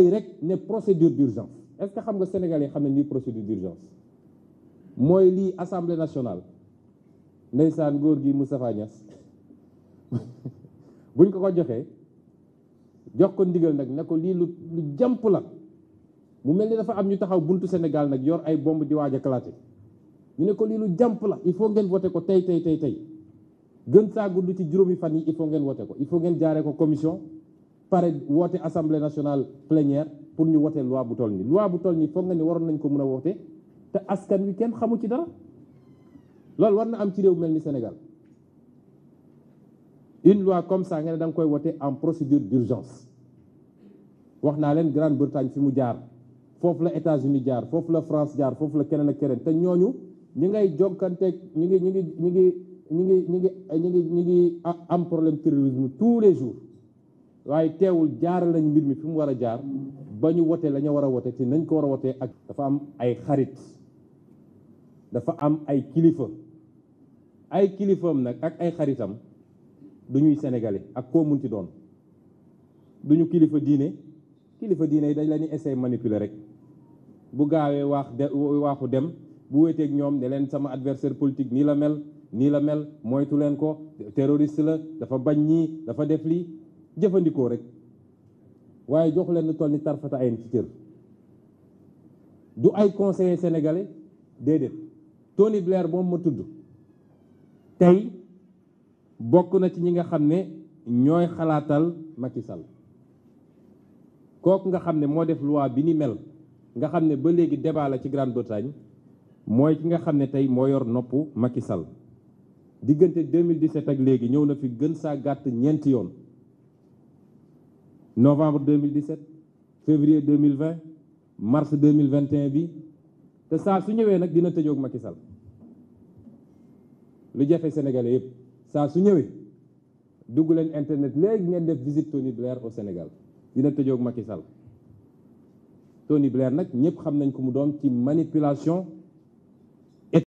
xëy rek ne procédure d'urgence est-ce que xam nga sénégalais xam nañ ni procédure d'urgence mooy lii assemblée nationale ndeysaan góor gi Moustapha Niass buñ ko ko joxee jox ko ndigal nag ne ko lii lu lu jàmp la mu mel ni dafa am ñu taxaw buntu Sénégal nag yor ay bomb di waaj a éclater ñu ne ko lii la il faut ngeen voté ko tey tey tey tey gën saa gudd ci juróomi fan yi il faut ngeen voté ko il faut ngeen jaaree ko commission pare woote assemblée nationale plénière pour ñu wote loi bu toll nii loi bu toll nii foog nga ni waroon nañ ko mën a woote te askan wi kenn xamu ci dara loolu war na am ci réew mel ni Sénégal une loi comme ça nga ne da nga koy wote en procédure d'urgence wax naa leen Grande-Bretagne fi mu jaar foofu la États-Unis jaar foofu la France jaar foofu la keneen ak keneen te ñooñu ñi ngay jokkanteeg ñu ngi ñu ngi ñu ngi ñu ngi ñu ngi ñu ngi ñu ngi am problème terrorisme tous les jours waaye teewul jaar lañu mbir mi fi mu war a jaar ba ñu wote la war a wote te nañ ko war a wotee ak dafa am ay xarit dafa am ay kilifa ay kilifaam nag ak ay xaritam du ñuy sénégalais ak koo munti doon du ñu kilifa diine kilifa diine yi dañ la ñuy manipule rek bu gaawee waax waaxu dem bu wéeteeg ñoom ne leen sama adversaire politique nii la mel nii la mel moytu leen ko terroriste la dafa bañ ñii dafa def lii jëfandikoo rek waaye jox leen lu toll ni tarfata ayen ci cër du ay conseiller sénégalais déedéet Tony Blair moom ma tudd tey bokk na ci ñi nga xam ne ñooy xalaatal makisal kooku nga xam ne moo def loi bi ni mel nga xam ne ba léegi débat la ci Grande-Bretagne mooy ki nga xam ne tey moo yor nopp Macky Sall diggante 2017 ak léegi ñëw na fi gën saa gàtt ñeenti yoon novembre 2017 février 2020 mars 2021 bi te saa su ñëwee nag dina tëjoog Macky Sall lu jafe sénégalais yëpp saa su ñëwee dugg leen internet léegi ngeen def visite Tony Blair au Sénégal dina tëjoog Macky Sall Tony Blair nag ñëpp xam nañ ko mu doon ci manipulation